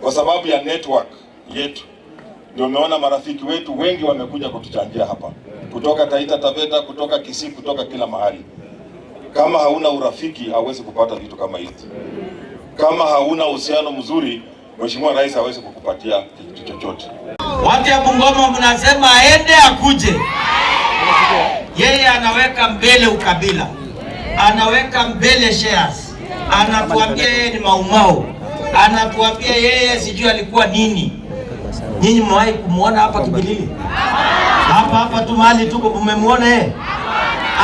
Kwa sababu ya network yetu ndio umeona marafiki wetu wengi wamekuja kutuchangia hapa kutoka Taita Taveta, kutoka Kisii, kutoka kila mahali. Kama hauna urafiki hauwezi kupata vitu kama hizi. Kama hauna uhusiano mzuri Mheshimiwa Rais hawezi kukupatia kitu chochote. Watu ya Bungoma mnasema aende akuje, yeye anaweka mbele ukabila, anaweka mbele shares, anatuambia yeye ni maumau, anatuambia yeye sijui alikuwa nini. Nyinyi mwahi kumwona hapa Kibilili? Hapa hapa tu mahali tuko mmemwona yeye?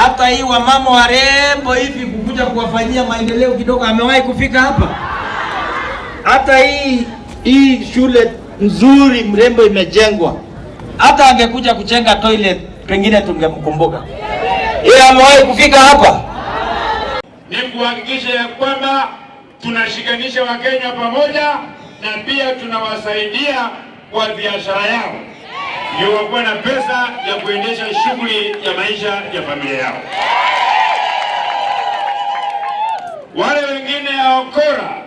Hata hii wamama warembo hivi kukuja kuwafanyia maendeleo kidogo, amewahi kufika hapa? hata hii hii shule nzuri mrembo imejengwa, hata angekuja kuchenga toilet pengine tungemkumbuka. Yeye amewahi kufika hapa. Ni kuhakikisha ya kwamba tunashikanisha Wakenya pamoja na pia tunawasaidia kwa biashara yao ndio wakuwa na pesa ya kuendesha shughuli ya maisha ya familia yao. Wale wengine ya okora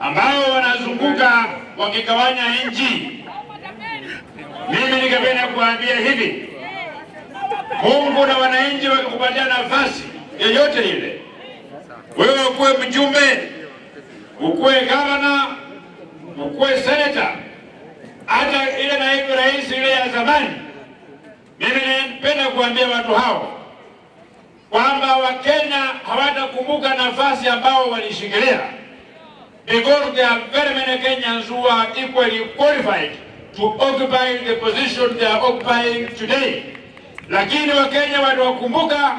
ambao wanazunguka wakigawanya nchi. Mimi ningependa kuambia hivi, Mungu na wananchi wakikupatia nafasi yoyote ile, wewe ukuwe mjumbe, ukuwe gavana, ukuwe seneta, hata ile naibu rais ile ya zamani, mimi napenda kuambia watu hao kwamba Wakenya hawatakumbuka nafasi ambao walishikilia because there are very many Kenyans who are equally qualified to occupy the position they are occupying today. Lakini Wakenya waliwakumbuka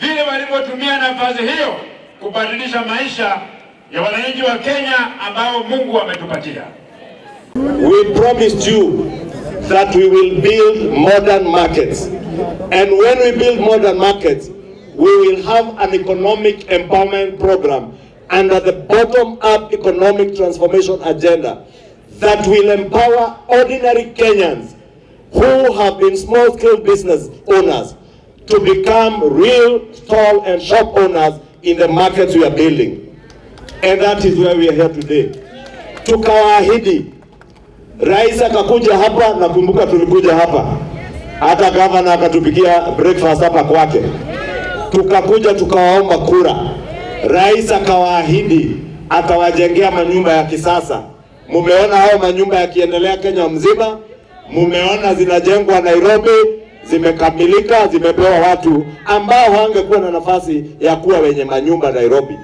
vile walivyotumia nafasi hiyo kubadilisha maisha ya wananchi wa Kenya ambao Mungu ametupatia. We promised you that we will build modern markets. And when we build modern markets, we will have an economic empowerment program under the bottom-up economic transformation agenda that will empower ordinary Kenyans who have been small-scale business owners to become real stall and shop owners in the markets we are building. And that is where we are here today. Tukawaahidi, rais akakuja hapa, nakumbuka tulikuja hapa, hata gavana akatupikia breakfast hapa kwake, tukakuja tukawaomba kura Rais akawaahidi atawajengea manyumba ya kisasa. Mumeona hao manyumba yakiendelea Kenya mzima, mumeona zinajengwa Nairobi, zimekamilika, zimepewa watu ambao hawangekuwa na nafasi ya kuwa wenye manyumba Nairobi.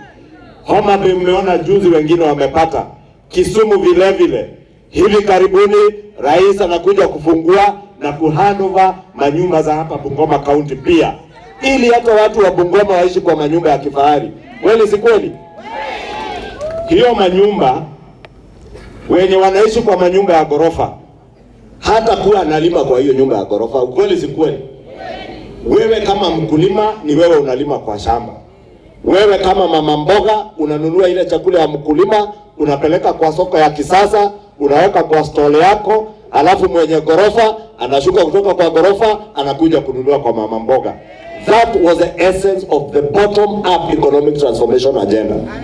Homa Bay mmeona juzi wengine wamepata, Kisumu vile vile. Hivi karibuni rais anakuja kufungua na kuhanova manyumba za hapa Bungoma County pia, ili hata watu wa Bungoma waishi kwa manyumba ya kifahari. Kweli si kweli? Hiyo manyumba wenye wanaishi kwa manyumba ya ghorofa, hata kuwa analima kwa hiyo nyumba ya ghorofa. ukweli si kweli? Wewe kama mkulima ni wewe unalima kwa shamba, wewe kama mama mboga unanunua ile chakula ya mkulima unapeleka kwa soko ya kisasa, unaweka kwa stole yako, alafu mwenye ghorofa anashuka kutoka kwa ghorofa anakuja kununua kwa mama mboga. That was the essence of the bottom up economic transformation agenda.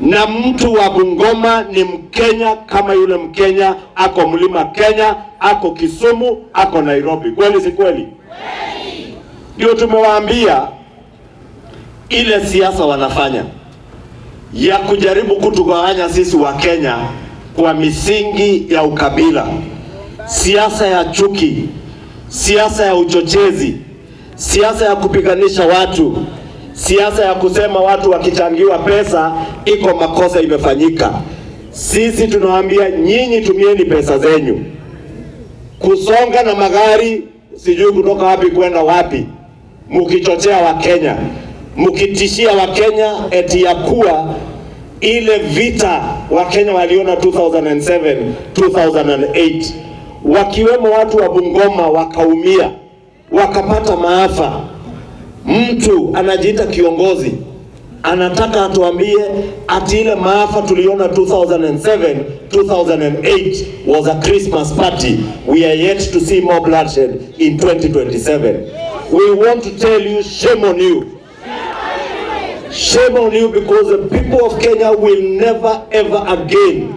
Na mtu wa Bungoma ni Mkenya kama yule Mkenya ako mlima Kenya, ako Kisumu, ako Nairobi. Kweli si kweli? Ndio tumewaambia ile siasa wanafanya ya kujaribu kutugawanya sisi wa Kenya kwa misingi ya ukabila, siasa ya chuki, siasa ya uchochezi Siasa ya kupiganisha watu, siasa ya kusema watu wakichangiwa pesa iko makosa imefanyika. Sisi tunawaambia nyinyi, tumieni pesa zenyu kusonga na magari sijui kutoka wapi kwenda wapi, mukichochea Wakenya, mkitishia Wakenya eti ya kuwa ile vita Wakenya waliona 2007 2008 wakiwemo watu wa Bungoma wakaumia wakapata maafa. Mtu anajiita kiongozi anataka atuambie ati ile maafa tuliona 2007 2008 was a Christmas party. We are yet to see more bloodshed in 2027. We want to tell you shame on you. Shame on you because the people of Kenya will never ever again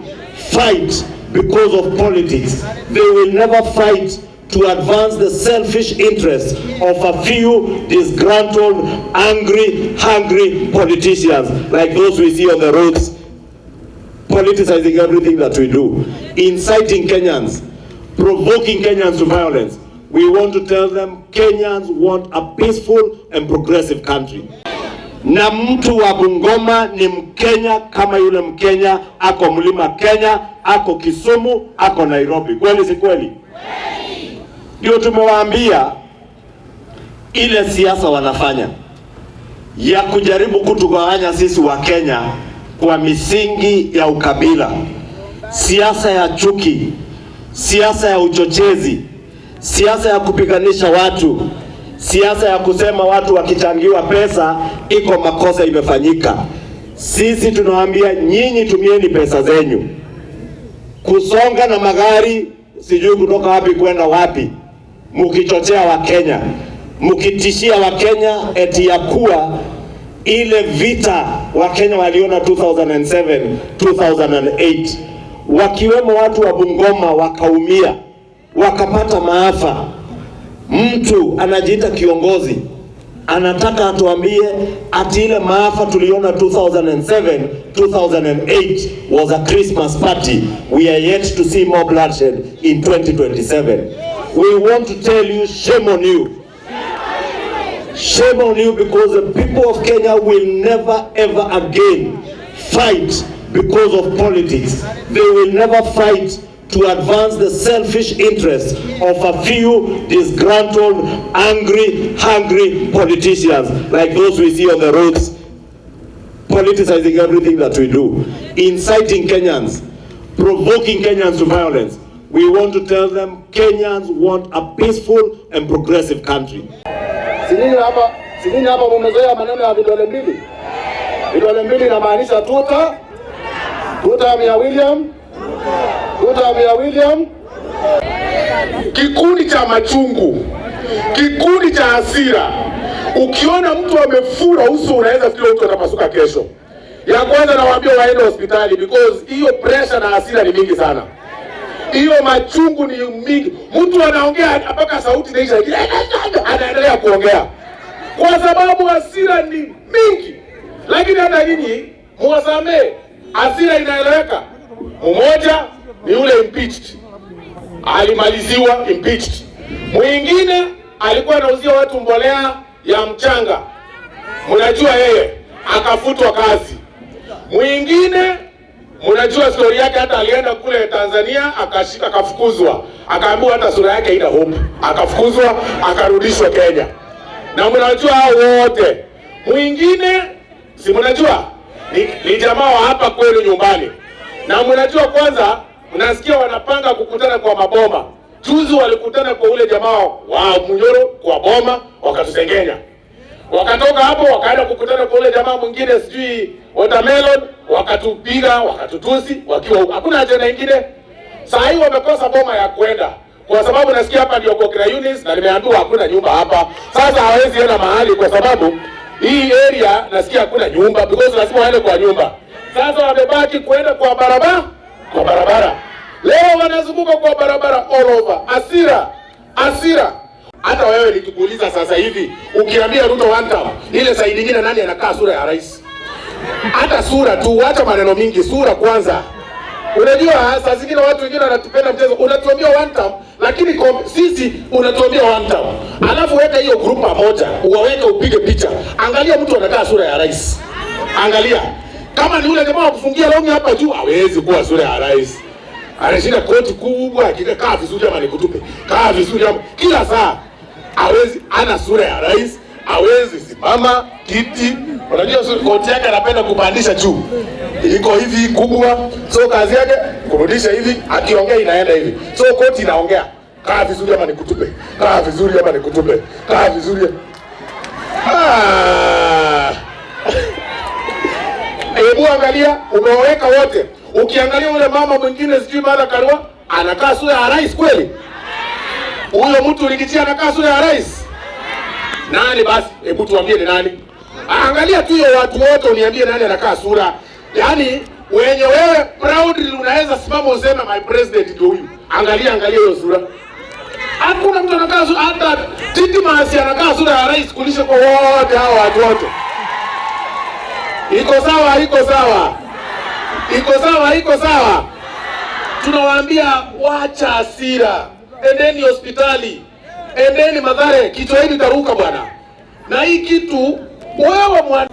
fight because of politics. They will never fight to advance the selfish interests of a few disgruntled, angry, hungry politicians like those we see on the roads, politicizing everything that we do, inciting Kenyans, provoking Kenyans to violence. We want to tell them Kenyans want a peaceful and progressive country. Na mtu wa Bungoma ni Mkenya kama yule Mkenya ako Mlima Kenya, ako Kisumu, ako Nairobi. Kweli si kweli? ndio tumewaambia ile siasa wanafanya ya kujaribu kutugawanya sisi wa Kenya kwa misingi ya ukabila, siasa ya chuki, siasa ya uchochezi, siasa ya kupiganisha watu, siasa ya kusema watu wakichangiwa pesa iko makosa imefanyika. Sisi tunawaambia nyinyi, tumieni pesa zenyu kusonga na magari, sijui kutoka wapi kwenda wapi mkichochea Wakenya, mkitishia Wakenya eti ya kuwa ile vita Wakenya waliona 2007 2008, wakiwemo watu wa Bungoma wakaumia, wakapata maafa. Mtu anajiita kiongozi anataka atuambie ati ile maafa tuliona 2007 2008 was a Christmas party. We are yet to see more bloodshed in 2027. we want to tell you shame on you. Shame on you because the people of Kenya will never ever again fight because of politics. They will never fight to advance the selfish interests of a few disgruntled, angry, hungry politicians like those we see on the roads, politicizing everything that we do, inciting Kenyans, provoking Kenyans to violence. We want to tell them Kenyans want a peaceful and progressive country. Sinini hapa, sinini hapa mumezoea maneno ya vidole mbili. Vidole mbili inamaanisha tuta. Tuta ya William. Tuta ya William. Kikundi cha machungu. Kikundi cha hasira. Ukiona mtu amefura uso unaweza fikiri mtu atapasuka kesho. Ya kwanza nawaambia waende hospitali because hiyo pressure na hasira ni mingi sana hiyo machungu ni mingi. Mtu anaongea mpaka sauti naisha, anaendelea kuongea kwa sababu hasira ni mingi. Lakini hata nyinyi muwasamee, hasira inaeleweka. Mmoja ni yule impeached, alimaliziwa impeached. Mwingine alikuwa anauzia watu mbolea ya mchanga, mnajua yeye, akafutwa kazi. Mwingine Unajua stori yake, hata alienda kule Tanzania akashika, akafukuzwa, akaambiwa hata sura yake haina hope, akafukuzwa, akarudishwa Kenya. Na mnajua hao wote, mwingine si mnajua ni, ni jamaa wa hapa kwenu nyumbani. Na mnajua kwanza, mnasikia wanapanga kukutana kwa maboma. Juzi walikutana kwa ule jamaa wa Munyoro kwa boma, wakatusengenya, wakatoka hapo wakaenda kukutana kwa ule jamaa mwingine, sijui watermelon wakatupiga, wakatutusi wakiwa hakuna ajenda nyingine. Saa hii wamekosa boma ya kwenda, kwa sababu nasikia hapa ndio Kokra Unis na nimeambiwa hakuna nyumba hapa. Sasa hawezi enda mahali kwa sababu hii area nasikia hakuna nyumba because lazima waende kwa nyumba. Sasa wamebaki kwenda kwa barabara, kwa barabara. Leo wanazunguka kwa barabara all over. Asira, asira. Hata wewe nikikuuliza sasa hivi ukiambia Ruto wantawa ile saidi nyingine nani anakaa sura ya rais? hata sura tu, wacha maneno mingi, sura kwanza. Unajua saa zingine watu wengine wanatupenda mchezo, unatuambia one time, lakini sisi unatuambia one time, alafu weka hiyo group pamoja, uwaweke, upige picha. Angalia mtu anakaa sura ya rais, angalia kama ni yule jamaa wa kufungia longi hapa juu, hawezi kuwa sura ya rais. Anashinda koti kubwa, kaa vizuri ama nikutupe, kaa vizuri ama kila saa, hawezi, ana sura ya rais hawezi simama kiti. Unajua koti yake anapenda kupandisha juu, iko hivi kubwa, so kazi yake kurudisha hivi, akiongea inaenda hivi, so koti inaongea, kaa vizuri ama nikutupe, kaa vizuri ama nikutupe, kaa vizuri ah. Hebu angalia, umeweka wote. Ukiangalia ule mama mwingine, sijui mara Karua, anakaa sura ya rais kweli? Huyo mtu ulikitia anakaa sura ya rais? Nani basi? Hebu tuambie ni nani? Ah, angalia tu hiyo watu wote, uniambie nani anakaa sura. Yaani wenye wewe proud unaweza simama useme my president ndio huyu. Angalia angalia hiyo sura. Hakuna mtu anakaa sura, hata Titimas anakaa sura ya rais kulisha kwa wote hao watu wote. Iko sawa, iko sawa. Iko sawa, iko sawa. Tunawaambia wacha hasira. Endeni hospitali endeni madhare kichwa hili taruka bwana. Na hii kitu wewe mwana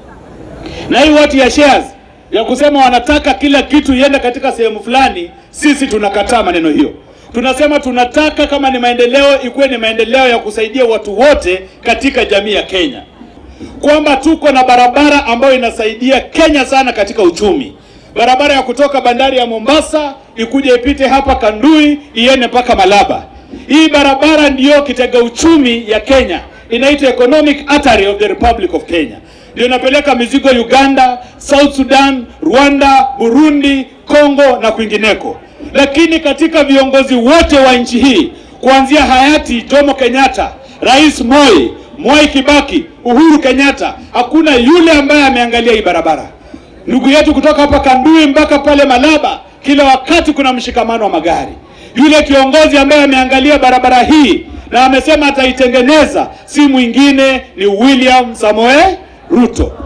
na hii watu ya shares ya kusema wanataka kila kitu iende katika sehemu fulani, sisi tunakataa maneno hiyo. Tunasema tunataka kama ni maendeleo ikuwe ni maendeleo ya kusaidia watu wote katika jamii ya Kenya, kwamba tuko na barabara ambayo inasaidia Kenya sana katika uchumi, barabara ya kutoka bandari ya Mombasa ikuje ipite hapa Kandui iende mpaka Malaba. Hii barabara ndiyo kitega uchumi ya Kenya, inaitwa economic artery of the Republic of Kenya, ndio inapeleka mizigo Uganda, South Sudan, Rwanda, Burundi, Kongo na kwingineko. Lakini katika viongozi wote wa nchi hii kuanzia hayati Jomo Kenyatta, Rais Moi, Mwai Kibaki, Uhuru Kenyatta, hakuna yule ambaye ameangalia hii barabara. Ndugu yetu kutoka hapa Kandui mpaka pale Malaba, kila wakati kuna mshikamano wa magari. Yule kiongozi ambaye ameangalia barabara hii na amesema ataitengeneza si mwingine ni William Samoe Ruto.